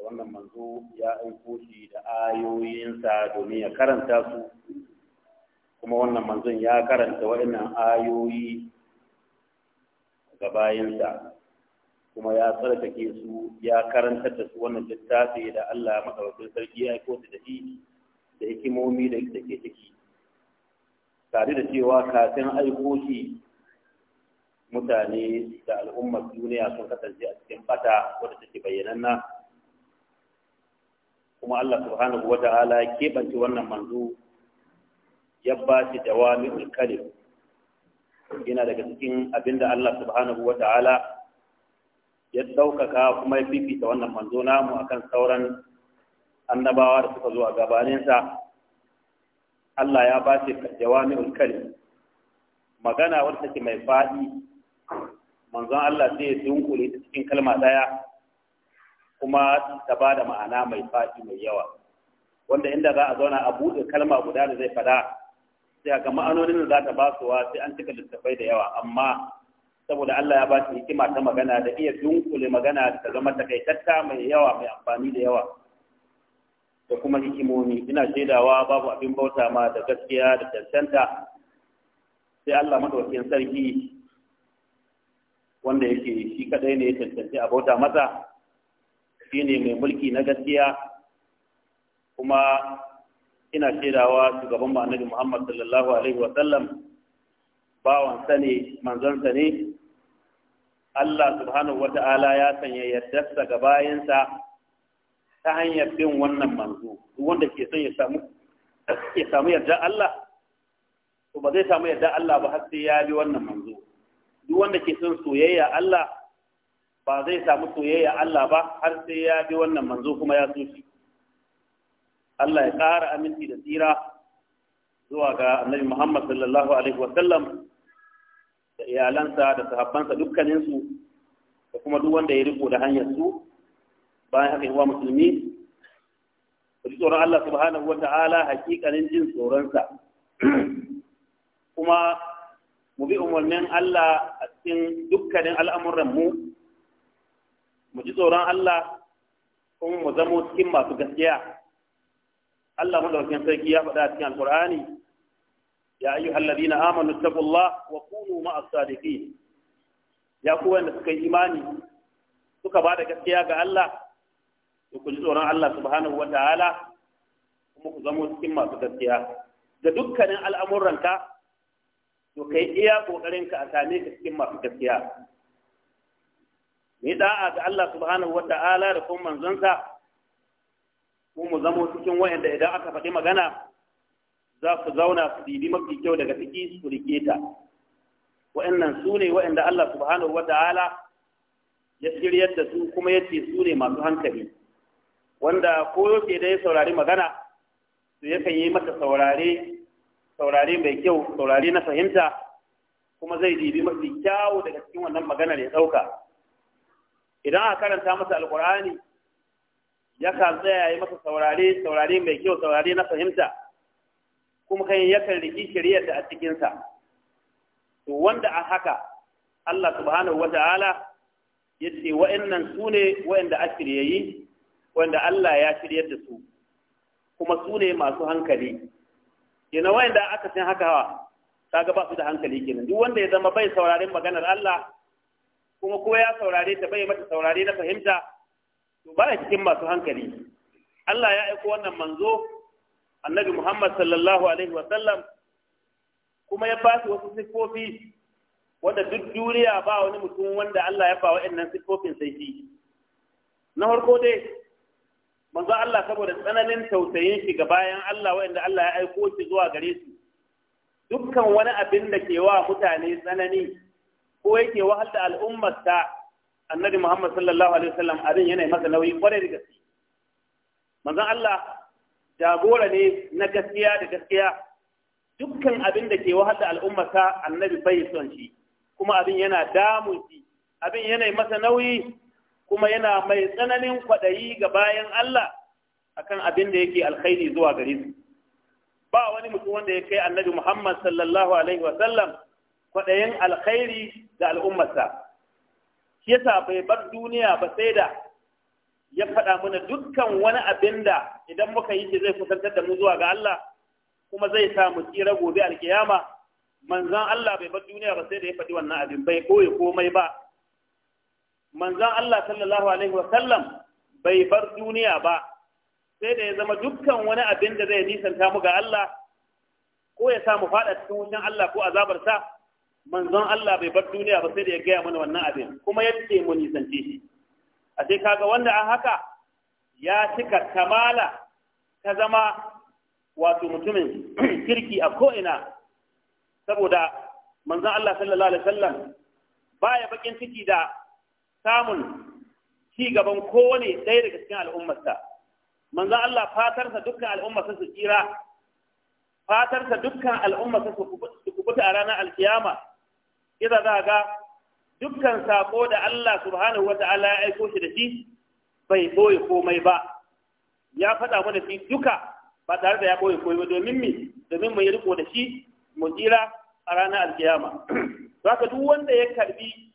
wannan manzo ya aiko shi da ayoyinsa domin ya karanta su kuma wannan manzon ya karanta waɗannan ayoyi ga bayansa kuma ya tsarkake su ya karantar da su wannan littafi da Allah madaukakin sarki ya aiko da shi da hikimomi da ke ciki tare da cewa kafin aiko mutane da al'ummar duniya sun kasance a cikin fata wadda take bayyananna kuma Allah subhanahu wa ta'ala ya keɓance wannan manzo ya ba shi jawami'ul kalim yana daga cikin abinda Allah subhanahu wa ta'ala ya ɗaukaka kuma ya fifita wannan manzo namu akan sauran annabawa da suka zo a gabaninsa Allah ya ba shi jawami'ul kalim magana wadda ke mai faɗi manzon Allah zai ya dunkule ta cikin kalma ɗaya kuma ta ba da ma'ana mai faɗi mai yawa wanda inda za a zauna a buɗe kalma guda da zai faɗa sai ga ma'anonin da za ta ba suwa, sai an cika littattafai da yawa amma saboda Allah ya ba shi hikima ta magana da iya dunkule magana ta zama takaitatta mai yawa mai amfani da yawa da kuma hikimomi ina shaidawa babu abin bauta ma da gaskiya da cancanta sai Allah madaukakin sarki wanda yake shi kadai ne ya cancanci a bauta masa Shi ne mai mulki na gaskiya kuma ina shaidawa shugaban mu annabi Muhammad sallallahu alaihi wa sallam bawan sa ne manzon sa Allah subhanahu wa Ta'ala ya sanya yardarsa ga bayansa ta hanyar bin wannan manzo wanda ke son ya samu ya samu yarda Allah to ba zai samu yarda Allah ba har sai ya bi wannan manzo duk wanda ke son soyayya Allah ba zai samu soyayya Allah ba har sai ya bi wannan manzo kuma ya so shi Allah ya ƙara aminci da tsira zuwa ga Annabi Muhammad sallallahu alaihi wa sallam da iyalansa da sahabbansa dukkaninsu da kuma duk wanda ya riko da hanyar su bayan haka yawa musulmi ku ji tsoron Allah subhanahu wa ta'ala hakikanin jin tsoronsa kuma mu bi umarnin Allah a cikin dukkanin al'amuran mu mu ji tsoron Allah kuma mu zamo cikin masu gaskiya Allah madaukakin sarki ya faɗa a cikin alkur'ani ya ayyuhal ladina amanu taqullah wa kunu ma'as sadiqin ya ku da suka yi imani suka ba da gaskiya ga Allah to ku ji tsoron Allah subhanahu wa ta'ala kuma ku zama cikin masu gaskiya da dukkanin al'amuranka to kai iya kokarin ka a same ka cikin masu gaskiya mu yi da'a ga Allah subhanahu wa ta'ala da kuma manzonsa ko mu zamo cikin wayanda idan aka faɗi magana za ku zauna su dibi mafi kyau daga ciki su rike ta wa'annan su ne wa'anda Allah subhanahu wa ta'ala ya shiryar da su kuma ya ce su ne masu hankali wanda ko yake da saurari magana to yakan yi mata saurare saurare mai kyau saurare na fahimta kuma zai dibi mafi kyawu daga cikin wannan maganar ya ɗauka idan aka karanta masa alkur'ani kan tsaya yi masa saurare saurare mai kyau saurare na fahimta kuma kan kan riki shari'ar da a cikinsa to wanda a haka Allah subhanahu wa ta'ala ya ce wa'annan sune, wa'anda a wanda Allah ya shiryar da su kuma su ne masu hankali kenan wanda aka san haka kaga ba su da hankali kenan duk wanda ya zama bai sauraren maganar Allah kuma ko ya saurare ta bai mata saurare na fahimta to ba cikin masu hankali Allah ya aiko wannan manzo annabi Muhammad sallallahu alaihi wa sallam kuma ya ba su wasu siffofi wanda duk duniya ba wani mutum wanda Allah ya ba wa'annan siffofin sai shi na farko dai manzo Allah saboda tsananin tausayin shi ga bayan Allah wanda Allah ya aiko shi zuwa gare su dukkan wani abin da ke wa mutane tsanani ko yake wahal da al'ummarsa annabi Muhammad sallallahu alaihi wasallam abin yana masa nauyi kwarai da gaske manzo Allah jagora ne na gaskiya da gaskiya dukkan abin da ke wahal da al'ummarsa annabi bai son shi kuma abin yana damun shi abin yana masa nauyi kuma yana mai tsananin kwaɗayi ga bayan Allah akan abin da yake alkhairi zuwa gare su ba wani mutum wanda ya kai annabi Muhammad sallallahu alaihi wa sallam kwaɗayin alkhairi ga al'ummarsa shi yasa bai bar duniya ba sai da ya faɗa mana dukkan wani abin da idan muka yi shi zai kusantar da mu zuwa ga Allah kuma zai sa mu tsira gobe alkiyama manzon Allah bai bar duniya ba sai da ya faɗi wannan abin bai koye komai ba Manzan Allah sallallahu alaihi wasallam bai bar duniya ba sai da ya zama dukkan wani abin da zai nisanta mu ga Allah ko ya samu faɗa cikin wucin Allah ko azabarsa, manzan Allah bai bar duniya ba sai da ya gaya mana wannan abin kuma yadda mu nisance shi a sai kaga wanda an haka ya cika kamala ta zama wato mutumin kirki a ko'ina saboda manzan Allah sallallahu alaihi wasallam ya bakin ciki da samun ci gaban kowane ɗaya daga cikin al'ummarsa manzo Allah fatarsa dukkan al'ummarsa su tsira fatarsa dukkan al'ummarsa su kubuta a ranar alkiyama idan za ga dukkan saƙo da Allah subhanahu ta'ala ya aiko shi da shi bai boye komai ba ya faɗa mana shi duka ba tare da ya ɓoye komai ba domin mi domin mu yi riko da shi mu tsira a ranar alkiyama haka duk wanda ya karbi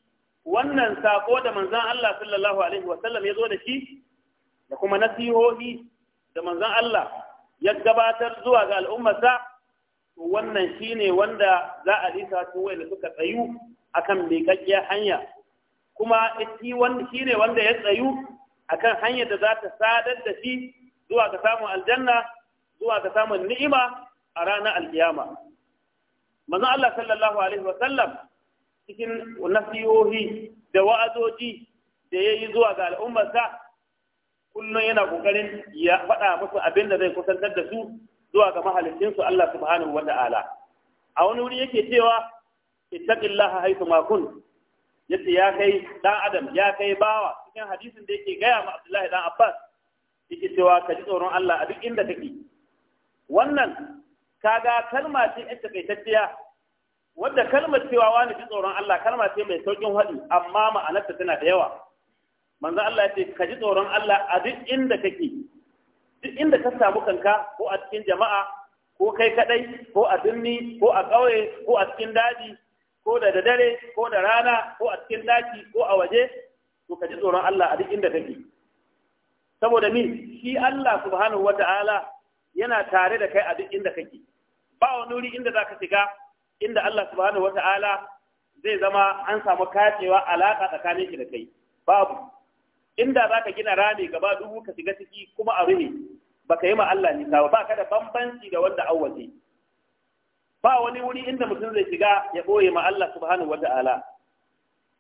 wannan saƙo da manzan Allah sallallahu alaihi wasallam ya zo da shi da kuma nasihohi da manzan Allah ya gabatar zuwa ga al'ummarsa wannan ne wanda za a lisa su da suka tsayu akan miƙaƙƙiyar hanya kuma ne wanda ya tsayu akan hanyar da za ta sadar da shi zuwa ga samun aljanna zuwa ga samun ni'ima a ranar alkiyama Manzan Allah sallallahu alaihi wa sallam cikin nasihohi da wa'azoji da ya yi zuwa ga al'ummarsa kullum yana kokarin ya faɗa musu abin da zai kusantar da su zuwa ga mahalicinsu Allah subhanahu wa ta'ala a wani wuri yake cewa ittaqillaha haythu ma kun yace ya kai dan adam ya kai bawa cikin hadisin da yake gaya ma Abdullahi dan Abbas yake cewa ka ji tsoron Allah a duk inda kake wannan kaga kalma ce ita takaitacciya wadda kalmar cewa wani ji tsoron Allah kalma ce mai saukin haɗi amma ma'anarta tana da yawa manzo Allah ya ce ka ji tsoron Allah a duk inda kake duk inda ka samu kanka ko a cikin jama'a ko kai kadai ko a birni ko a ƙauye ko a cikin daji ko da dare ko da rana ko a cikin daki ko a waje to ka ji tsoron Allah a duk inda kake saboda min shi Allah subhanahu wata'ala yana tare da kai a duk inda kake ba wani wuri inda za ka shiga inda Allah subhanahu wata'ala zai zama an samu kacewa alaka tsakanin shi da kai babu inda zaka gina rami gaba dubu ka shiga ciki kuma a ruhe baka yi ma Allah nisa ba baka da bambanci da wanda awwaje ba wani wuri inda mutum zai shiga ya boye ma Allah subhanahu wata'ala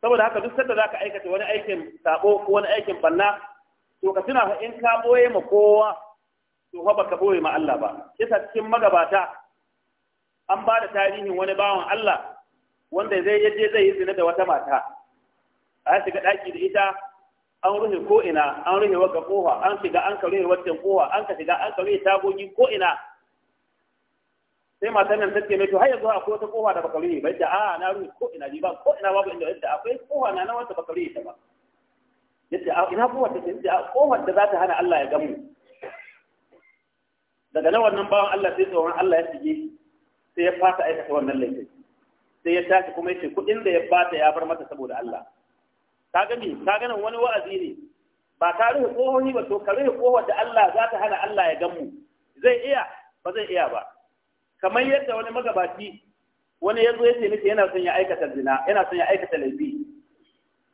saboda haka duk sanda za ka aikata wani aikin sabo ko wani aikin banna to ka tuna fa in ka boye ma kowa to fa baka boye ma Allah ba kisa cikin magabata an ba da tarihin wani bawan Allah wanda zai yaje zai yi zina da wata mata a shiga ɗaki da ita an ruhe ko ina an ruhe wata kofa an shiga an karuhe wata kofa an ka shiga an karuhe tagogi ko ina sai matan nan take mai to har yanzu akwai wata kofa da baka bai ba a na ruhe ko ina ba ko ina babu inda yadda akwai kofa na na wata baka ta ba yadda a ina kofa ta yadda kofar da za ta hana Allah ya gamu daga nan wannan bawan Allah sai tsoron Allah ya shige sai ya fata aikata wannan laifin sai ya tashi kuma yace kuɗin da ya bata ya bar mata saboda Allah ka gani ka gani wani wa'azi ne ba ka rufe kohohi ba to ka rufe kohon da Allah za ta hana Allah ya gan zai iya ba zai iya ba kamar yadda wani magabaci wani ya zo ya ce miki yana son ya aikata zina yana son ya aikata laifi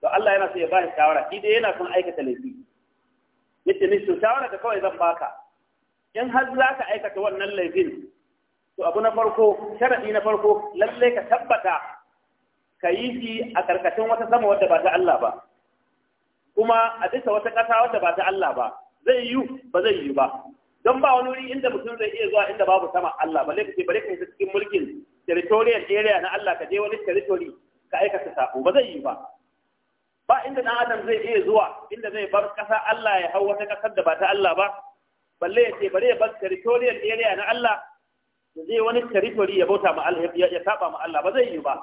to Allah yana son ya ba shi shawara shi dai yana son aikata laifi yace ni shawara da kawai zan baka in har za ka aikata wannan laifin to abu na farko sharadi na farko lalle ka tabbata ka yi shi a karkashin wata sama wadda ba ta Allah ba kuma a bisa wata ƙasa wadda ba ta Allah ba zai yi ba zai yi ba don ba wani wuri inda mutum zai iya zuwa inda babu sama Allah balle kace bare ka yi cikin mulkin territorial area na Allah ka je wani territory ka aikata sako ba zai yi ba ba inda dan adam zai iya zuwa inda zai bar ƙasa Allah ya hau wata kasar da ba ta Allah ba balle ya ce bare ya bar territorial area na Allah zai wani territory ya bauta ma ya saba ma Allah ba zai yi ba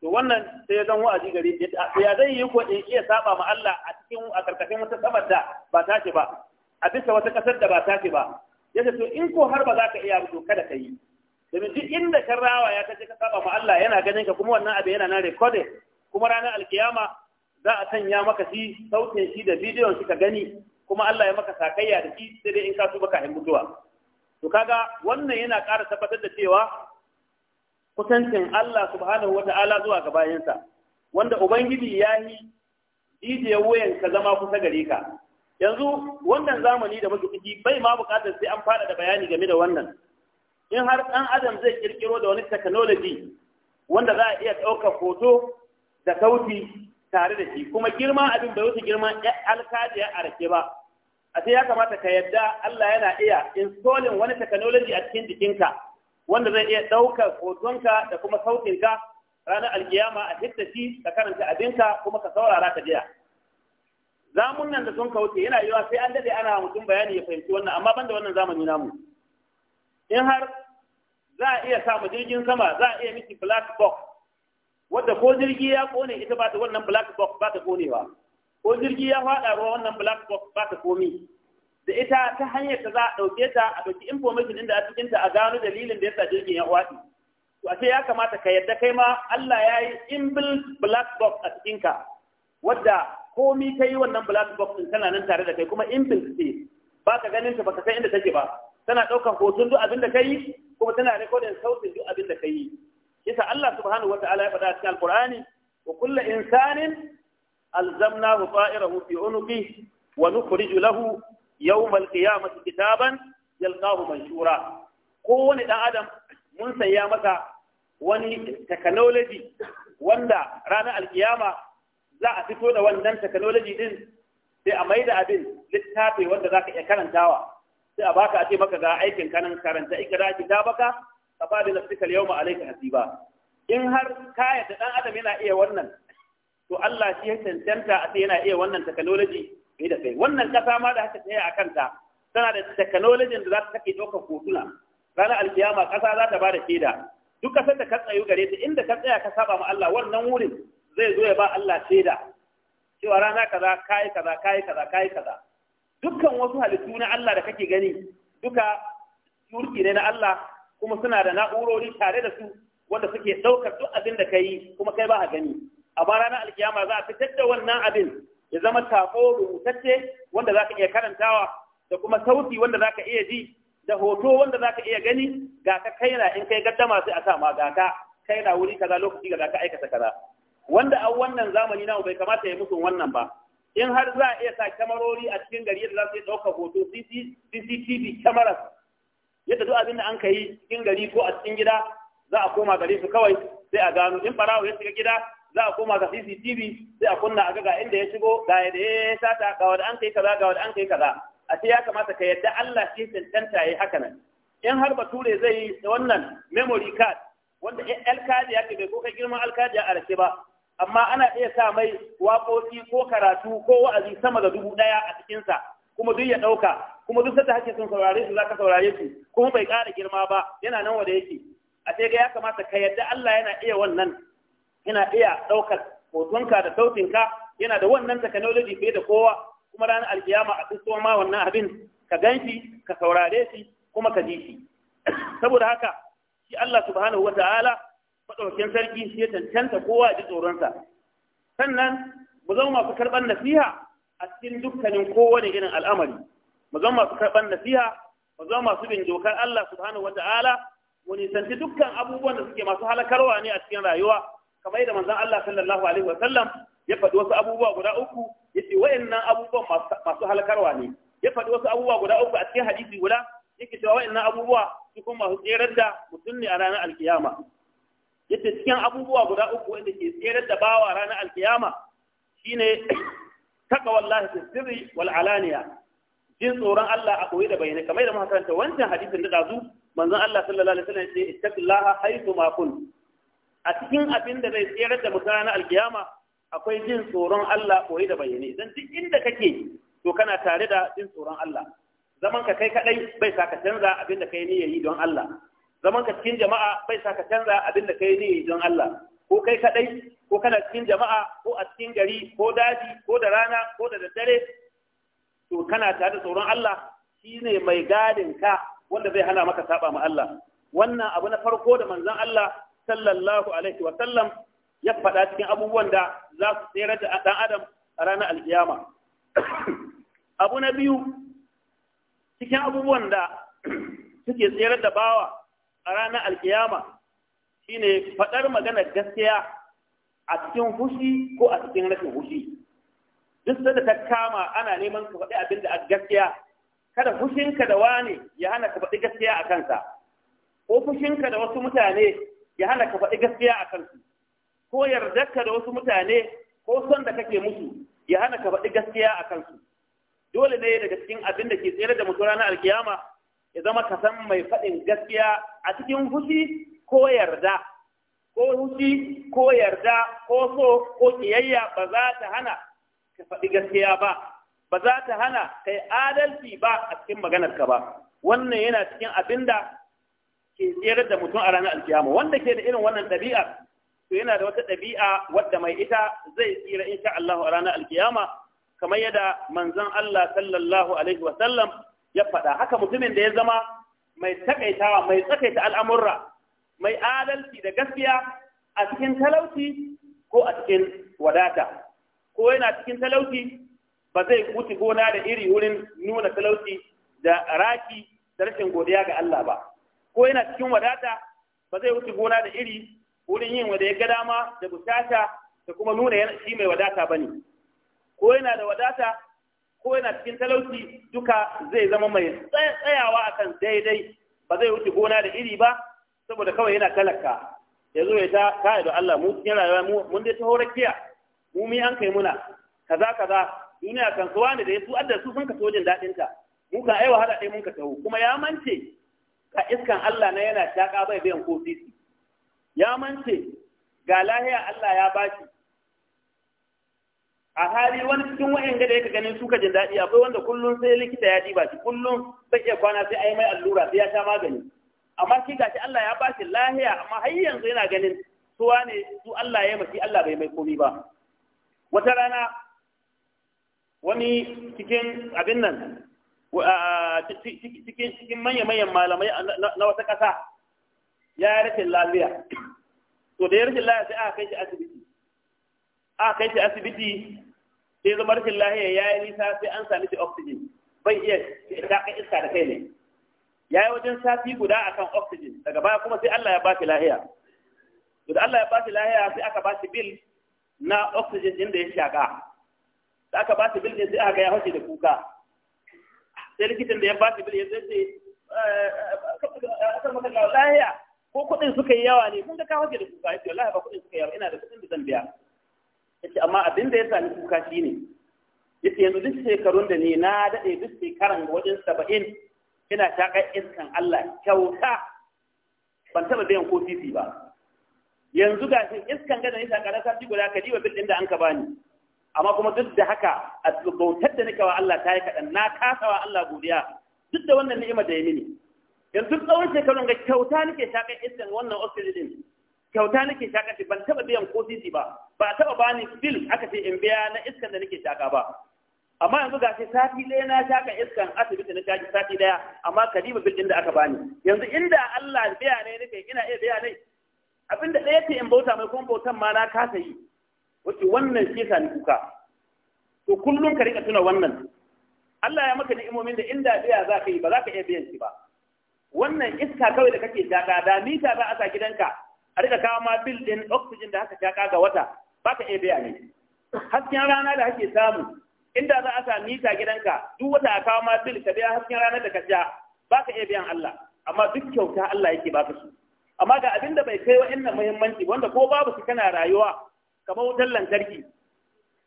to wannan sai ya zan wa'azi gari ya zai yi ko in iya saba ma Allah a cikin a karkashin wata samar da ba ta ba a bisa wata kasar da ba ta ba yace to in ko har ba za ka iya to kada ka yi domin duk inda kan rawaya ka je ka saba ma Allah yana ganin ka kuma wannan abu yana nan recorded kuma ranar alkiyama za a sanya maka shi sautin shi da bidiyon shi ka gani kuma Allah ya maka sakayya da shi sai dai in ka tuba kafin mutuwa to kaga wannan yana ƙara tabbatar da cewa kusancin Allah subhanahu wata'ala zuwa ga bayansa wanda ubangiji ya yi ije wayan ka zama kusa gare ka yanzu wannan zamani da muke ciki bai ma buƙatar sai an fara da bayani game da wannan in har ɗan adam zai kirkiro da wani technology wanda za a iya ɗaukar hoto da sauti tare da shi kuma girma abin bai wuce girma alkajiya a rake ba a sai ya kamata ka yadda Allah yana iya installing wani technology a cikin jikinka wanda zai iya ɗaukar hotonka da kuma sautinka ranar alkiyama a hitta shi ka karanta abinka kuma ka saurara ka jiya zamun nan da sun kauce yana yiwa sai an dade ana mutum bayani ya fahimci wannan amma banda wannan zamani namu in har za a iya samu jirgin sama za a iya miki black box wadda ko jirgi ya kone ita ba ta wannan black box ba ta konewa ko jirgi ya faɗa ruwa wannan black box ba ta komi da ita ta hanyar ta za a ɗauke ta a ɗauki information inda a cikin ta a gano dalilin da yasa jirgin ya faɗi to ashe ya kamata ka yadda kai ma Allah ya yi inbuilt black box a cikin ka wadda komi ka yi wannan black box din tana nan tare da kai kuma inbuilt ce ba ka ganin ta ba ka san inda take ba tana ɗaukar hoton duk abin da ka yi kuma tana rikodin sautin duk abin da ka yi yasa Allah subhanahu wa ta'ala ya faɗa cikin alqur'ani wa kullu insanin ألزمناه طائره في عنقه ونخرج له يوم القيامة كتابا يلقاه منشورا كون آدم من سيامة wani technology wanda ranar alkiyama za a fito da wannan technology din sai a mai da abin littafi wanda za ka iya karantawa sai a baka a ce maka ga aikin kanan karanta ikira kita baka ka ba da nafsika yau ma alaika hasiba in har kaya da dan adam yana iya wannan to Allah shi ya cancanta a sai yana iya wannan technology bai da kai wannan kasa ma da haka tsaye a kanta tana da technology da za ta ɗaukar hotuna ranar alkiyama kasa za ta ba da shaida duk kasar da ka tsayu gare ta inda ka tsaya ka saba ma Allah wannan wurin zai zo ya ba Allah shaida cewa rana kaza kai kaza kai kaza kai kaza dukkan wasu halittu na Allah da kake gani duka turki ne na Allah kuma suna da na'urori tare da su wanda suke ɗaukar duk abin da ka yi kuma kai ba gani a ba alkiyama za a fitar da wannan abin ya zama sako rubutacce wanda za ka iya karantawa da kuma sauti wanda za ka iya ji da hoto wanda za ka iya gani ga ka kaina in kai gaddama sai a sa ma ga ka kaina wuri kaza lokaci ga ka aikata kaza wanda a wannan zamani na bai kamata ya musu wannan ba in har za a iya sa kyamarori a cikin gari yadda za su iya ɗaukar hoto CCTV cameras yadda duk abin da an ka kai cikin gari ko a cikin gida za a koma gari su kawai sai a gano in barawo ya shiga gida za a koma ga CCTV sai a kunna a ga inda ya shigo ga yadda ya sata ga wanda an kai kaza ga wanda an kai kaza a sai ya kamata ka yadda Allah shi tantanta yayi haka nan in har ture zai yi wannan memory card wanda alkadi ya ke bai ko kai girman alkadi a rake ba amma ana iya sa mai waƙoƙi ko karatu ko wa'azi sama da dubu ɗaya a cikinsa kuma duk ya ɗauka kuma duk sanda hake sun saurare su za ka saurare su kuma bai ƙara girma ba yana nan wanda yake a sai ga ya kamata ka yadda Allah yana iya wannan yana iya ɗaukar hotonka da sautinka yana da wannan technology fiye da kowa kuma ranar alkiyama a tsisto ma wannan abin ka ganshi ka saurare shi kuma ka ji shi saboda haka shi Allah subhanahu ta'ala, madaukakin sarki shi ya cancanta kowa ya ji tsoronsa sannan mu zama masu karɓar nasiha a cikin dukkanin kowane irin al'amari mu zama masu karɓar nasiha mu zama masu bin dokar Allah subhanahu ta'ala, mu nisanci dukkan abubuwan da suke masu halakarwa ne a cikin rayuwa kamar yadda manzon Allah sallallahu alaihi wasallam ya faɗi wasu abubuwa guda uku yace wayannan abubuwan masu halakarwa ne ya faɗi wasu abubuwa guda uku a cikin hadisi guda yake cewa wayannan abubuwa su kuma masu tserar da mutum ne a ranar alkiyama yace cikin abubuwa guda uku wanda ke tserar da bawa ranar alkiyama shine taka wallahi fi sirri wal alaniya jin tsoron Allah a koyi da bayyane kamar da muka karanta wancan hadisin da dazu manzon Allah sallallahu alaihi wasallam ya ce ittaqillaha haythu ma kun a cikin abin da zai tsere da mutane alkiyama akwai jin tsoron Allah koyi da bayyane dan duk inda kake to kana tare da jin tsoron Allah zaman ka kai kadai bai sa ka canza abin da kai niyyayi don Allah zaman ka cikin jama'a bai sa ka canza abin da kai niyyayi don Allah ko kai kadai ko kana cikin jama'a ko a cikin gari ko daji ko da rana ko da daddare to kana tare da tsoron Allah shine mai gadin ka wanda zai hana maka saba ma Allah wannan abu na farko da manzon Allah sallallahu alaihi wa sallam ya faɗa cikin abubuwan da za su tsere da ɗan adam a ranar alkiyama abu na biyu cikin abubuwan da suke tsere da bawa a ranar alkiyama shine faɗar maganar gaskiya a cikin fushi ko a cikin rashin fushi duk sanda ta kama ana neman ka faɗi abin da a gaskiya kada fushinka da wani ya hana ka faɗi gaskiya a kansa ko fushinka da wasu mutane ya hana ka faɗi gaskiya a kansu ko yardarka da wasu mutane ko son da kake musu ya hana ka faɗi gaskiya a kansu dole ne daga cikin abin da ke tsere da mutum ranar alkiyama ya zama ka san mai faɗin gaskiya a cikin fushi ko yarda ko fushi ko yarda ko so ko kiyayya ba za ta hana ka faɗi gaskiya ba ba za ta hana kai adalci ba a cikin maganarka ba wannan yana cikin abin da ke tsere da mutum a ranar alkiyama wanda ke da irin wannan ɗabi'a to yana da wata ɗabi'a wadda mai ita zai tsira insha Allah a ranar alkiyama kamar yadda manzon Allah sallallahu alaihi wa sallam ya faɗa haka mutumin da ya zama mai takaitawa mai tsakaita al'amurra mai adalci da gaskiya a cikin talauci ko a cikin wadata ko yana cikin talauci ba zai wuce gona da iri wurin nuna talauci da raki da rashin godiya ga Allah ba ko yana cikin wadata ba zai wuce gona da iri wurin yin wanda ya ga dama da bukata da kuma nuna yana shi mai wadata ba ne ko yana da wadata ko yana cikin talauci duka zai zama mai tsayawa akan daidai ba zai wuce gona da iri ba saboda kawai yana talaka ya zo ya ta kaya da Allah mu cikin rayuwa mun dai ta horakiya mu mi an kai muna kaza kaza duniya kan suwa da su adda su sun ka so jin daɗin ta mu kan aiwa hada ɗaya mun ka taho kuma ya mance ka iskan Allah na yana shaƙa bai biyan ko ya mance ga lahiya Allah ya bashi a hali wani cikin wa'in da yake ganin suka jin daɗi akwai wanda kullum sai likita ya diba shi kullum bai iya kwana sai a yi mai allura sai ya sha magani amma shi gashi Allah ya bashi lahiya amma har yanzu yana ganin suwa ne su Allah ya mashi Allah bai mai komi ba wata rana wani cikin abin nan cikin manya-manyan malamai na wata ƙasa ya yi rashin lafiya to da ya rashin lafiya sai aka kai shi asibiti aka kai shi asibiti sai zama rashin lafiya ya yi nisa sai an sami shi oxygen bai iya kai iska da kai ne ya yi wajen sati guda a kan oxygen daga baya kuma sai Allah ya ba shi lahiya to da Allah ya ba shi lahiya sai aka ba shi bil na oxygen ɗin da ya shaƙa da aka ba shi bil din sai aka ya haushi da kuka sai likitan da ya ba shi bil ya ce asar maka ga lahiya ko kuɗin suka yi yawa ne kun ga ka wace da kuka yace wallahi ba kuɗin suka yi yawa ina da kuɗin da zan biya yace amma abin da ya sami kuka shine yace yanzu duk shekarun da ni na dade duk shekaran wajen 70 ina kai iskan Allah kyauta ban taɓa biyan ko fifi ba yanzu ga shi iskan gada ne, shaƙar ka ji guda ka diba bil din da an ka bani amma kuma duk da haka a bautar da nika wa Allah ta yi kaɗan na kasa wa Allah godiya duk da wannan ni'ima da ya mini yanzu tsawon shekarun ga kyauta nake shaƙar isin wannan oxygen kyauta nake shaƙa shi ban taɓa biyan ko sisi ba ba taɓa bani bil aka ce in biya na iskan da nake shaƙa ba amma yanzu ga shi sati ɗaya na shaƙa iskan asibiti na shaƙi sati ɗaya amma kadiba bil din da aka bani yanzu inda Allah biya ne nake ina iya biya ne abinda ɗaya ce in bauta mai kuma bautan ma na kasa yi wace wannan shi sa ni kuka to kullum ka rika tuna wannan Allah ya maka ni'imomin da inda biya za ka yi ba za ka iya biyan shi ba wannan iska kawai da kake shaka da mita za a sa gidanka a rika kawo ma bil din oxygen da haka shaka ga wata ba ka iya biya ne hasken rana da kake samu inda za a sa mita gidanka duk wata a kawo ma bil ka biya hasken rana da ka sha ba ka iya biyan Allah amma duk kyauta Allah yake baka su amma ga abinda bai kai wa'annan muhimmanci wanda ko babu su kana rayuwa kamar wutar lantarki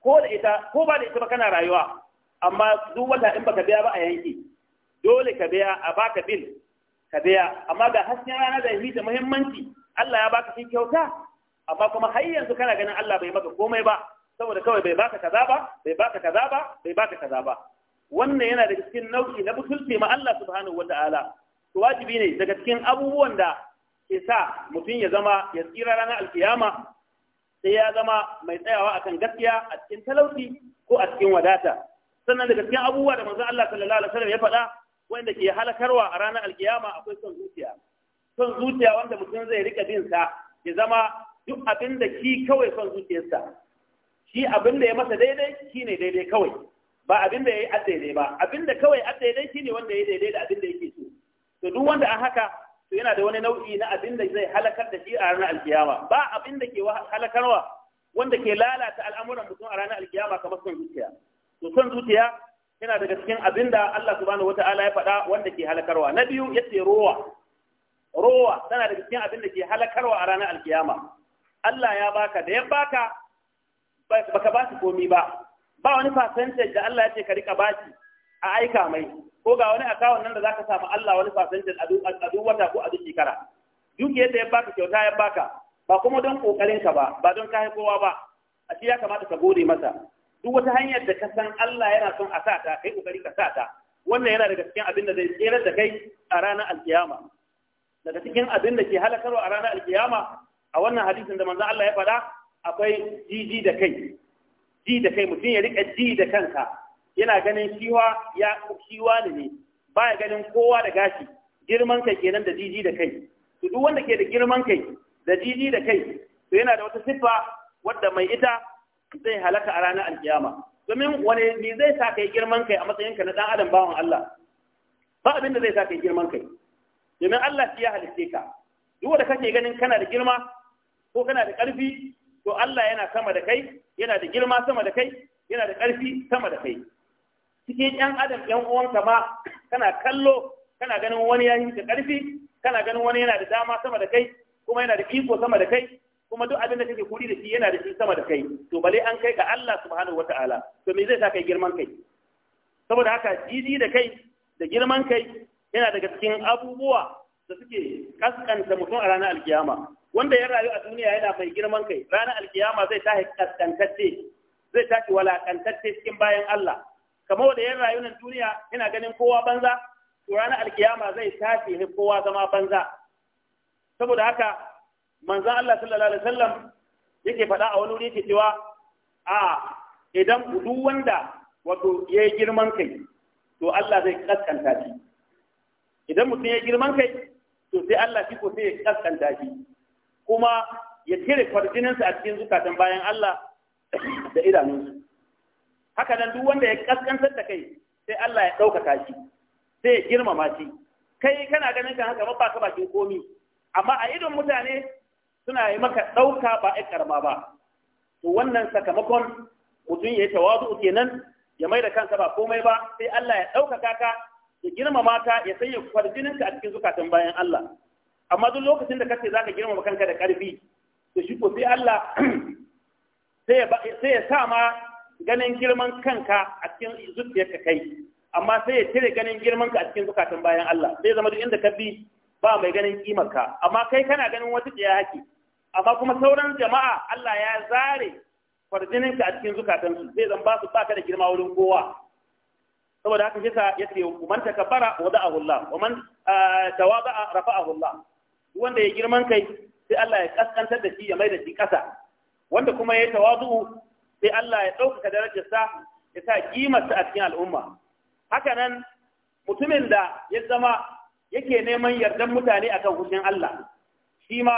ko da ita ko ba da ita ba kana rayuwa amma duk wata in baka biya ba a yanki dole ka biya a baka bil ka biya amma ga hasken rana da da muhimmanci Allah ya baka shi kyauta amma kuma har yanzu kana ganin Allah bai maka komai ba saboda kawai bai baka kaza ba bai baka kaza ba bai baka kaza ba wannan yana da cikin nau'i na butulce ma Allah subhanahu wataala to wajibi ne daga cikin abubuwan da ke sa mutum ya zama ya tsira ranar alkiyama sai ya zama mai tsayawa akan gaskiya a cikin talauci ko a cikin wadata sannan daga cikin abubuwa da manzon Allah sallallahu alaihi wasallam ya faɗa wanda ke halakarwa a ranar alkiyama akwai son zuciya son zuciya wanda mutum zai rika bin sa ya zama duk abin da shi kawai son zuciyarsa shi abin da ya masa daidai shi ne daidai kawai ba abin da ya yi daidai ba abin da kawai a daidai shi ne wanda ya yi daidai da abin da yake so to duk wanda a haka to yana da wani nau'i na abin da zai halakar da shi a ranar alkiyama ba abin da ke halakarwa wanda ke lalata al'amuran mutum a ranar alkiyama kamar son zuciya to son zuciya yana daga cikin abin da Allah subhanahu wataala ya faɗa wanda ke halakarwa na biyu yace rowa rowa tana daga cikin abin da ke halakarwa a ranar alkiyama Allah ya baka da ya baka baka ba komi ba ba wani percentage da Allah ya ce ka rika basi a aika mai ko ga wani akawun nan da zaka samu Allah wani fasantin a duk wata ko a duk shekara ya baka kyauta ya baka ba kuma don kokarin ka ba ba don kai kowa ba a ya kamata ka gode masa duk wata hanyar da ka san Allah yana son a sata kai kokari ka sata wannan yana daga cikin abin da zai tsere da kai a ranar alkiyama daga cikin abin da ke halakarwa a ranar alkiyama a wannan hadisin da manzo Allah ya faɗa akwai jiji da kai ji da kai mutum ya rika ji da kanka yana ganin shiwa ya shiwa ne ne ya ganin kowa da gashi girman kai kenan da jiji da kai to duk wanda ke da girman kai da jiji da kai to yana da wata siffa wadda mai ita zai halaka a ranar alkiyama domin wani ne zai sa kai girman kai a matsayin ka na dan adam bawan Allah ba abin da zai sa kai girman kai domin Allah shi ya halitte ka duk wanda kake ganin kana da girma ko kana da ƙarfi to Allah yana sama da kai yana da girma sama da kai yana da ƙarfi sama da kai cikin yan adam yan uwanka ma kana kallo kana ganin wani ya yi karfi kana ganin wani yana da dama sama da kai kuma yana da iko sama da kai kuma duk abin da kake kuri da shi yana da shi sama da kai to bale an kai ga Allah subhanahu wataala to me zai sa kai girman kai saboda haka jiji da kai da girman kai yana daga cikin abubuwa da suke kaskanta mutum a ranar alkiyama wanda ya rayu a duniya yana mai girman kai ranar alkiyama zai tashi kaskantacce zai tashi walakantacce cikin bayan Allah kamar da ya rayu nan duniya yana ganin kowa banza to ranar alkiyama zai tafi ne kowa zama banza saboda haka manzon Allah sallallahu alaihi wasallam yake faɗa a wani wuri yake cewa a idan duk wanda wato ya yi girman kai to Allah zai kaskanta shi idan mutum ya girman kai to sai Allah shi ko sai ya kaskanta shi kuma ya cire kwarjininsa a cikin zukatan bayan Allah da idanunsu haka nan duk wanda ya kaskantar da kai sai Allah ya ɗaukaka shi sai ya girmama shi kai kana ganin kan haka ba ka bakin komi amma a idon mutane suna yi maka ɗauka ba a karma ba to wannan sakamakon mutum ya yi tawazu kenan ya mai da kansa ba komai ba sai Allah ya ɗaukaka ka ya girmama ka ya sanya ka a cikin zukatan bayan Allah amma duk lokacin da kace zaka girmama kanka da ƙarfi to shi ko sai Allah sai ya sa ma ganin girman kanka a cikin ka kai amma sai ya cire ganin girman ka a cikin zukatan bayan Allah sai zama duk inda ka bi ba mai ganin kimar ka amma kai kana ganin wata ya haki amma kuma sauran jama'a Allah ya zare farjinin ka a cikin zukatan su sai zan ba su baka da girma wurin kowa saboda haka shi ya yake man takabbara wada'ahu Allah wa man ah, tawada'a rafa'ahu Allah wanda ya girman kai sai Allah ya kaskantar da shi ya mai da shi kasa wanda kuma ya tawadu sai Allah ya ɗaukaka darajarsa ya sa kimarsa a cikin al'umma haka nan mutumin da ya zama yake neman yardan mutane akan hushin Allah shi ma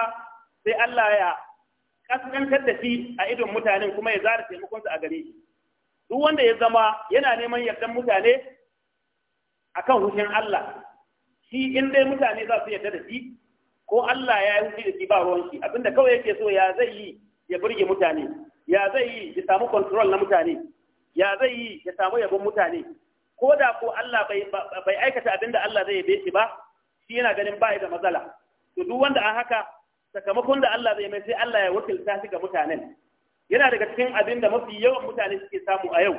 sai Allah ya ƙasƙantar da shi a idon mutanen kuma ya zara taimakonsa a gare shi duk wanda ya zama yana neman yardan mutane akan hushin Allah shi in dai mutane za su yarda da shi ko Allah ya yi hushi da shi ba ruwan shi abinda kawai yake so ya zai yi ya burge mutane ya zai yi ya samu control na mutane ya zai yi ya samu yabon mutane ko da ko Allah bai aikata abin da Allah zai yi shi ba shi yana ganin ba da matsala to duk wanda an haka sakamakon da Allah zai mai sai Allah ya wakilta shi ga mutanen yana daga cikin abin da mafi yawan mutane suke samu a yau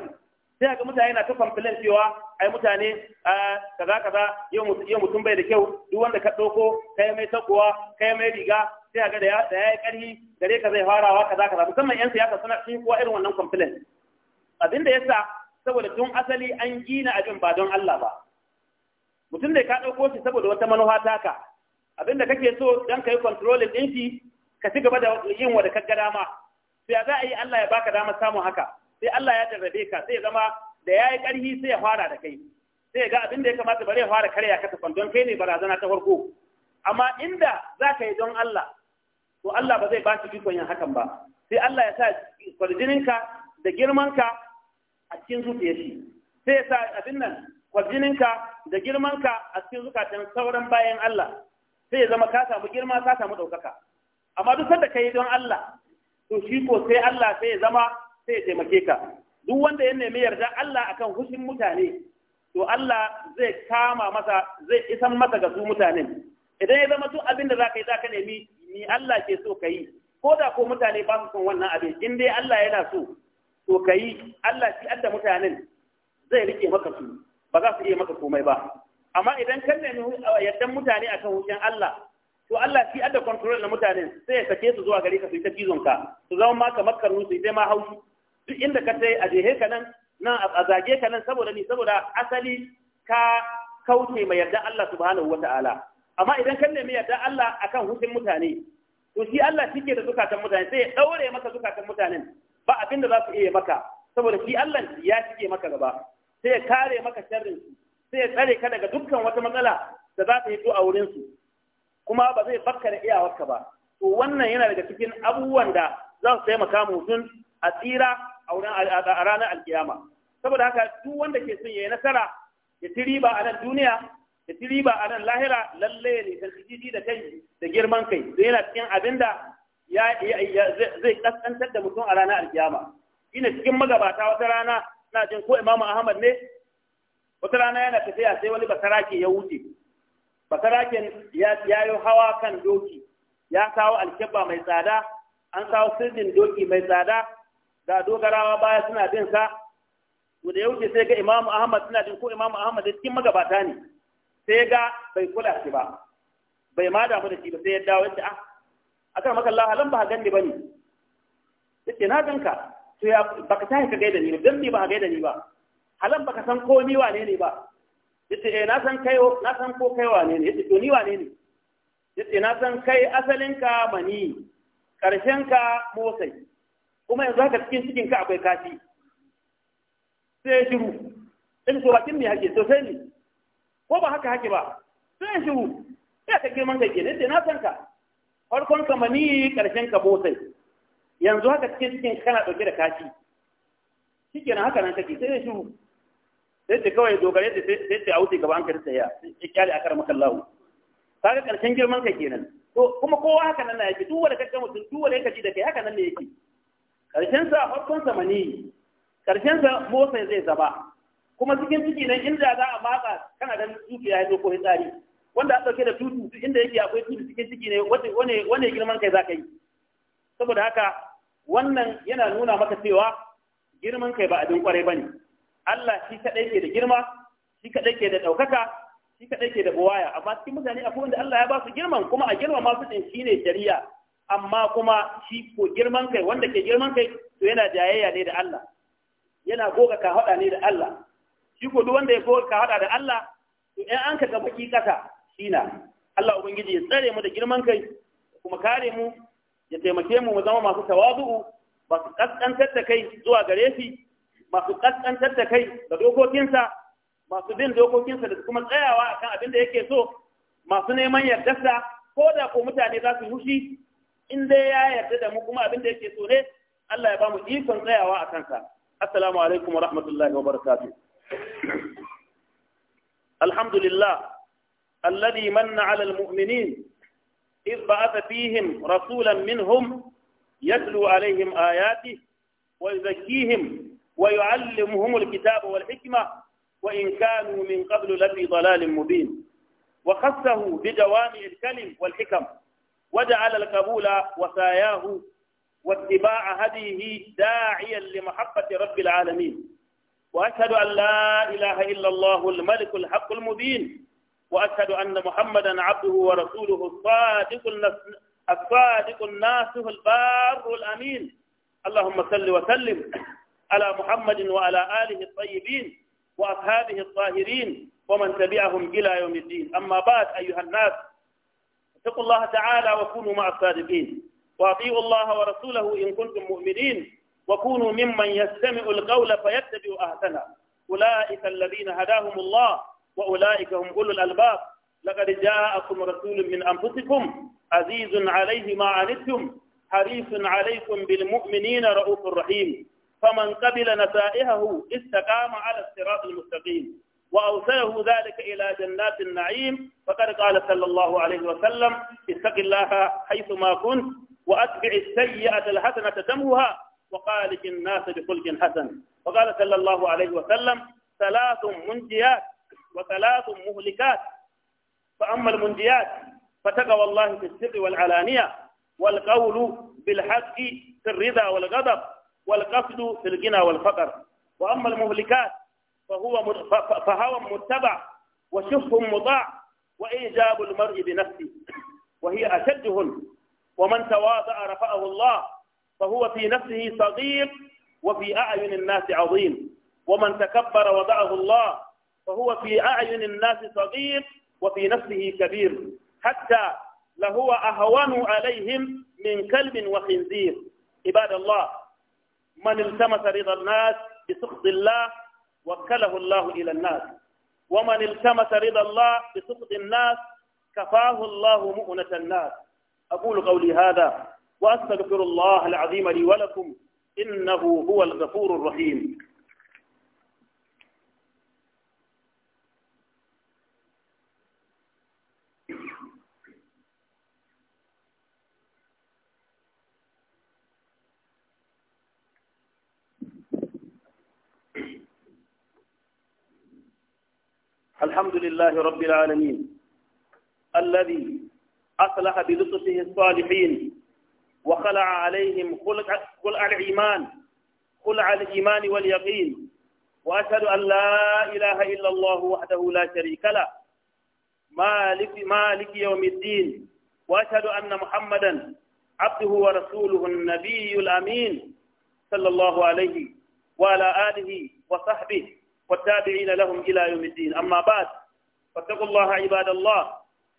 sai ga mutane na ta complain cewa ai mutane kaza kaza yau mutum bai da kyau duk wanda ka ɗauko kai mai takowa kai mai riga sai a ga da ya yi ƙarfi gare ka zai farawa kaza kaza musamman yan siyasa suna cikin kowa irin wannan complaint abin da yasa saboda tun asali an gina abin ba don Allah ba mutum ne ka dauko shi saboda wata manufa ka. abin da kake so dan ka yi controlling din shi ka ci gaba da yin wa da ka dama sai ya za a yi Allah ya baka damar samun haka sai Allah ya jarrabe ka sai ya zama da ya yi ƙarfi sai ya fara da kai sai ga abin da ya kamata bare ya fara karya ka tafan don kai ne barazana ta farko amma inda za ka yi don Allah to Allah ba zai ba shi ikon yin hakan ba sai Allah ya sa kwarjininka da girmanka a cikin zuciya shi sai ya sa abin nan kwarjininka da girmanka a cikin zukatan sauran bayan Allah sai ya zama ka samu girma ka samu ɗaukaka amma duk sanda ka yi don Allah to shi ko sai Allah sai ya zama sai ya taimake ka duk wanda ya nemi yarda Allah akan hushin mutane to Allah zai kama masa zai isan masa ga su mutanen idan ya zama duk abin da za ka yi za ka nemi ni Allah ke so ka yi ko da ko mutane ba su son wannan abin in dai Allah yana so to ka yi Allah shi adda mutanen zai rike maka su ba za su iya maka komai ba amma idan kan nemi yardan mutane akan hujjan Allah to Allah shi adda control na mutanen sai ya sake su zuwa gare ka su yi ta cizon ka su zama ma kamar karnu su yi ma haushi duk inda ka sai a jehe ka nan na a zage ka nan saboda ni saboda asali ka kauce mai yarda, Allah subhanahu wataala amma idan kan nemi yadda Allah akan hushin mutane to shi Allah shike da zukatan mutane sai ya daure maka zukatan mutanen ba abinda za su iya maka saboda shi Allah ya shige maka gaba sai ya kare maka sharrin sai ya tsare ka daga dukkan wata matsala da za ta yi a wurin su kuma ba zai bakka da iyawarka ba to wannan yana daga cikin abubuwan da za su taimaka mutum a tsira a wurin a ranar alkiyama saboda haka duk wanda ke son ya yi nasara ya ci riba a nan duniya da ci riba a nan lahira lalle ne da jiji da kai da girman kai da yana cikin abin da zai kaskantar da mutum a ranar alkiyama ina cikin magabata wata rana na jin ko imamu ahmad ne wata rana yana tafiya sai wani basarake ya wuce basarake ya yi hawa kan doki ya kawo alkebba mai tsada an kawo sirrin doki mai tsada ga dogarawa baya suna bin sa to da ya wuce sai ga imamu ahmad suna jin ko imamu ahmad da cikin magabata ne sai ga bai kula shi ba bai ma damu da shi ba sai ya dawo ya ce ah akan maka Allah halan ba gandi bane yace na ganka to ya baka tashi ka gaida ni ba dan ni ba gaida ni ba halan baka san ko ni wane ne ba yace eh na san kai na san ko kai wane ne yace to ni wane ne yace na san kai asalin ka mani karshen ka motsai kuma yanzu haka cikin cikin ka akwai kashi sai shiru in so bakin me hake to sai ni ko ba haka hake ba sai shiru sai ta girman ka ke da na san ka farkon ka mani karshen ka bosai yanzu haka cikin cikin kana dauke da kashi shikenan haka nan kake sai shiru sai ta kawai dogare ta sai ta auti gaba an ka tsaya ya kyale akar maka Allah kaga karshen girman ka kenan to kuma kowa haka nan yake duk wanda kake mutum duk wanda kake da kai haka nan ne yake karshen sa farkon sa mani karshen sa motsa zai zaba kuma cikin ciki nan inda za a matsa kana ganin tutu ya zo ko tsari. wanda a dauke da tutu inda yake akwai tutu cikin ciki ne wane girman kai za ka yi saboda haka wannan yana nuna maka cewa girman kai ba abin kwarai ba ne Allah shi kaɗai ke da girma shi kaɗai ke da ɗaukaka shi kaɗai ke da buwaya amma cikin mutane akwai wanda Allah ya ba su girman kuma a girma masu ɗin shi ne shari'a amma kuma shi ko girman kai wanda ke girman kai to yana jayayya ne da Allah yana goga haɗa ne da Allah shi ko duk wanda ya ko ka hada da Allah to in an ka ga baki kasa shina Allah ubangiji ya tsare mu da girman kai kuma kare mu ya taimake mu mu zama masu tawazu'u masu ƙasƙantar da kai zuwa gare shi masu ƙasƙantar da kai da dokokinsa masu bin dokokinsa da kuma tsayawa akan abin da yake so masu neman yardarsa ko da ko mutane za su hushi in dai ya yarda da mu kuma abin da yake so ne Allah ya ba mu ikon tsayawa a kansa assalamu alaikum wa rahmatullahi wa barakatuh الحمد لله الذي من على المؤمنين إذ بعث فيهم رسولا منهم يتلو عليهم آياته ويزكيهم ويعلمهم الكتاب والحكمة وإن كانوا من قبل لفي ضلال مبين وخصه بجوامع الكلم والحكم وجعل القبول وساياه واتباع هديه داعيا لمحبة رب العالمين وأشهد أن لا إله إلا الله الملك الحق المبين وأشهد أن محمدا عبده ورسوله الصادق الصادق الناصح البار الأمين اللهم صل وسلم على محمد وعلى آله الطيبين وأصحابه الطاهرين ومن تبعهم إلى يوم الدين أما بعد أيها الناس اتقوا الله تعالى وكونوا مع الصادقين وأطيعوا الله ورسوله إن كنتم مؤمنين وكونوا ممن يستمع القول فيتبع أهتنا أولئك الذين هداهم الله وأولئك هم أولو الألباب لقد جاءكم رسول من أنفسكم عزيز عليه ما عنتم حريص عليكم بالمؤمنين رؤوف رحيم فمن قبل نسائهه استقام على الصراط المستقيم وأوصله ذلك إلى جنات النعيم فقد قال صلى الله عليه وسلم اتق الله حيثما كنت وأتبع السيئة الحسنة تمها وخالق الناس بخلق حسن وقال صلى الله عليه وسلم ثلاث منجيات وثلاث مهلكات فأما المنجيات فتقوى الله في السر والعلانية والقول بالحق في الرضا والغضب والقصد في الغنى والفقر وأما المهلكات فهو فهوى متبع وشف مطاع وإيجاب المرء بنفسه وهي أشدهن ومن تواضع رفعه الله فهو في نفسه صغير وفي أعين الناس عظيم ومن تكبر وضعه الله فهو في أعين الناس صغير وفي نفسه كبير حتى لهو أهون عليهم من كلب وخنزير عباد الله من التمس رضا الناس بسخط الله وكله الله إلى الناس ومن التمس رضا الله بسخط الناس كفاه الله مؤنة الناس أقول قولي هذا وأستغفر الله العظيم لي ولكم إنه هو الغفور الرحيم الحمد لله رب العالمين الذي أصلح بلطفه الصالحين وخلع عليهم خلع, الإيمان خلع الإيمان واليقين وأشهد أن لا إله إلا الله وحده لا شريك له مالك, مالك يوم الدين وأشهد أن محمدا عبده ورسوله النبي الأمين صلى الله عليه وعلى آله وصحبه والتابعين لهم إلى يوم الدين أما بعد فاتقوا الله عباد الله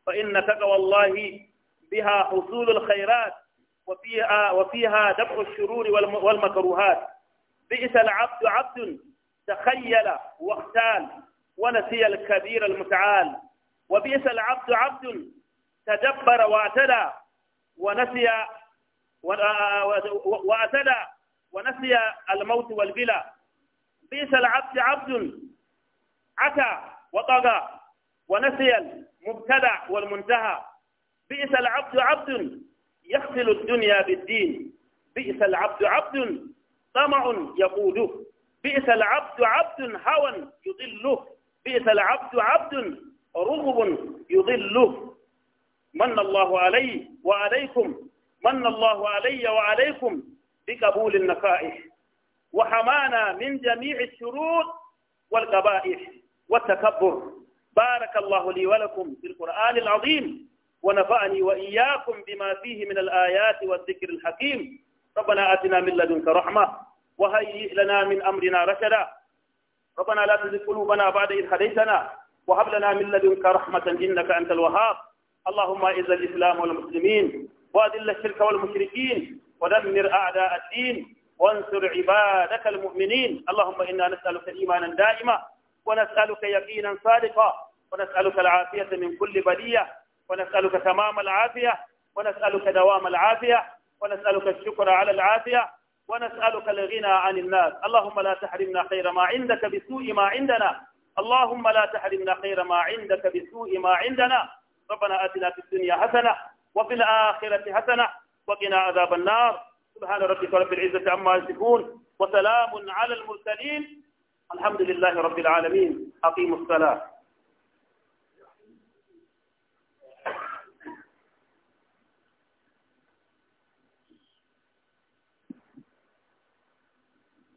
فإن تقوى الله بها حصول الخيرات وفيها, وفيها دفع الشرور والمكروهات بئس العبد عبد تخيل واختال ونسي الكبير المتعال وبئس العبد عبد تدبر واعتدى ونسي واعتدى ونسي الموت والبلا بئس العبد عبد عتى وطغى ونسي المبتدع والمنتهى بئس العبد عبد يغسل الدنيا بالدين بئس العبد عبد طمع يقوده بئس العبد عبد هوى يضله بئس العبد عبد رغب يضله من الله علي وعليكم من الله علي وعليكم بقبول النكائح وحمانا من جميع الشرور والقبائح والتكبر بارك الله لي ولكم في القرآن العظيم ونفعني وإياكم بما فيه من الآيات والذكر الحكيم ربنا آتنا من لدنك رحمة وهيئ لنا من أمرنا رشدا ربنا لا تزغ قلوبنا بعد إذ هديتنا وهب لنا من لدنك رحمة إنك أنت الوهاب اللهم أعز الإسلام والمسلمين وأذل الشرك والمشركين ودمر أعداء الدين وانصر عبادك المؤمنين اللهم إنا نسألك إيمانا دائما ونسألك يقينا صادقا ونسألك العافية من كل بلية ونسألك تمام العافية ونسألك دوام العافية ونسألك الشكر على العافية ونسألك الغنى عن الناس اللهم لا تحرمنا خير ما عندك بسوء ما عندنا اللهم لا تحرمنا خير ما عندك بسوء ما عندنا ربنا آتنا في الدنيا حسنة وفي الآخرة حسنة وقنا عذاب النار سبحان ربك رب العزة عما يصفون وسلام على المرسلين الحمد لله رب العالمين أقيموا الصلاة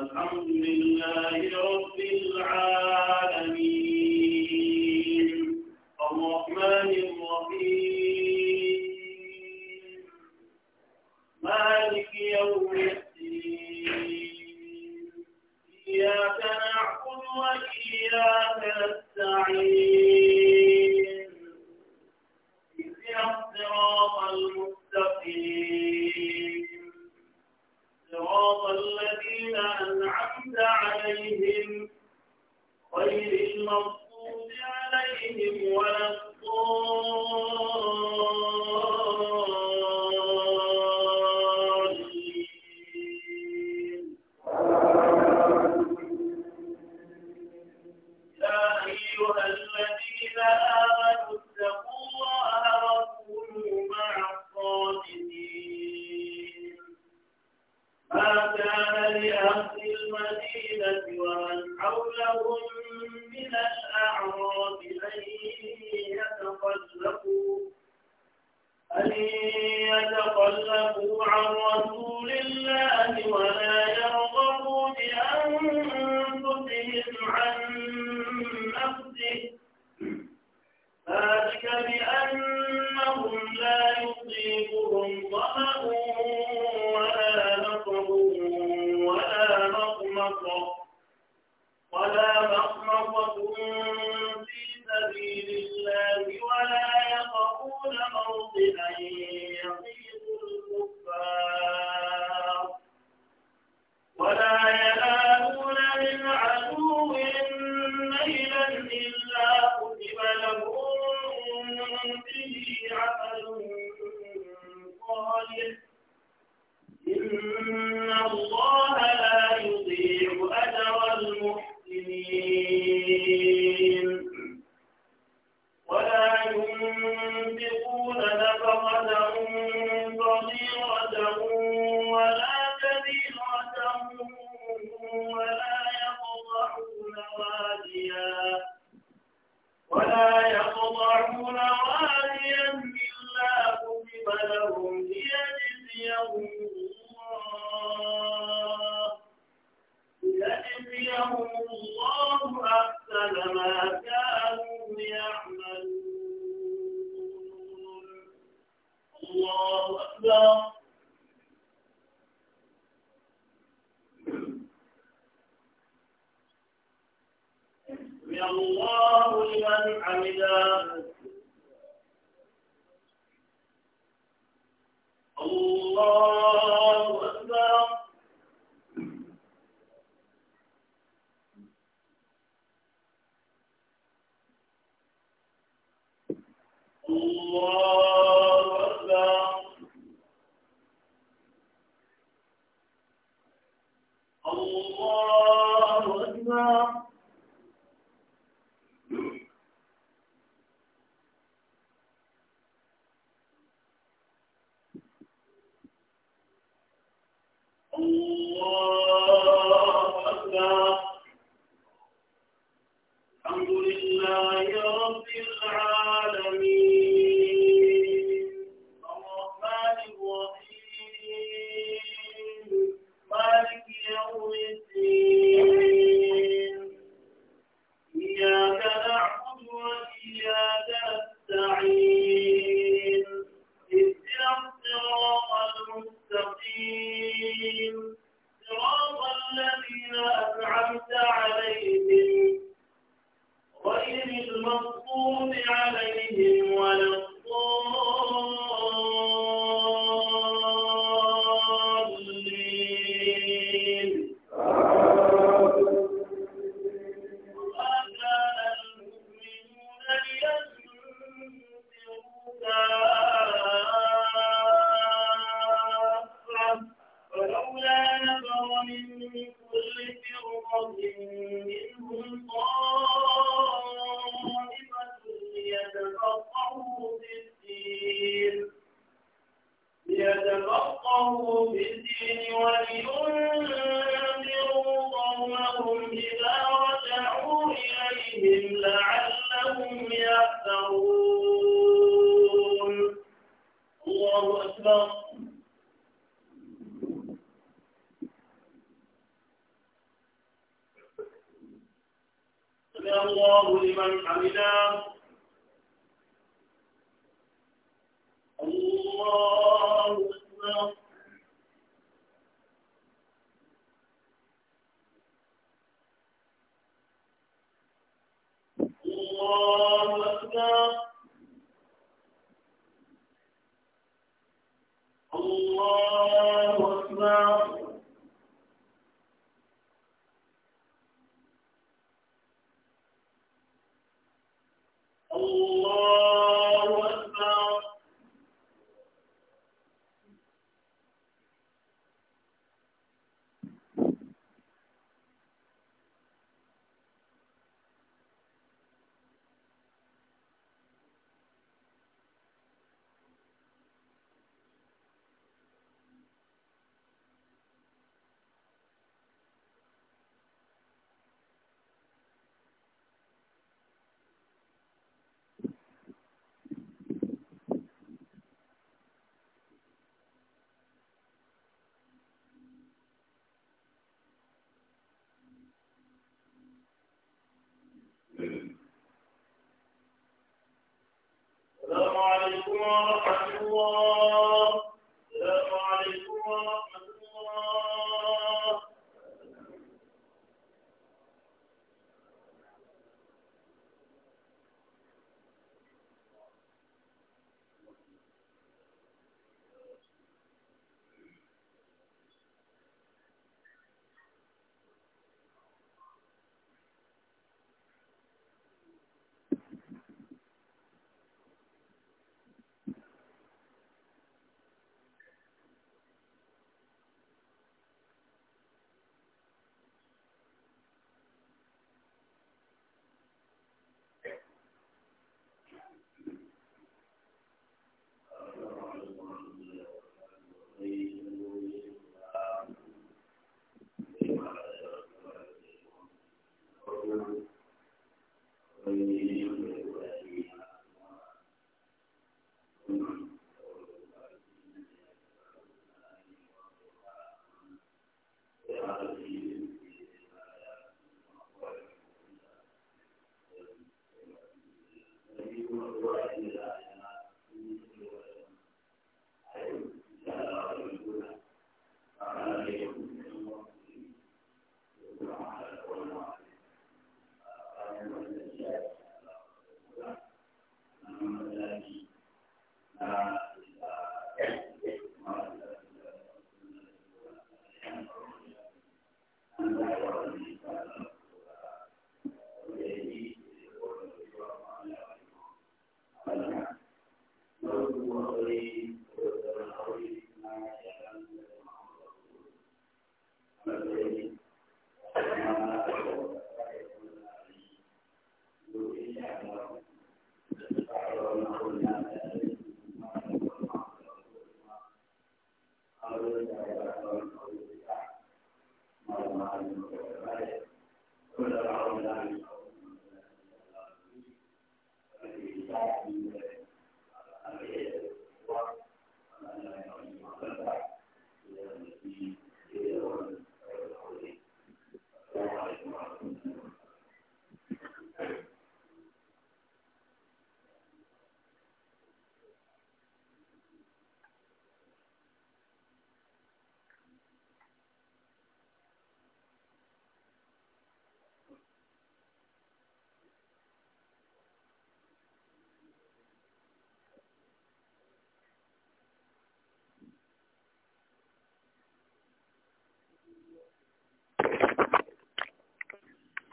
والحمد لله الله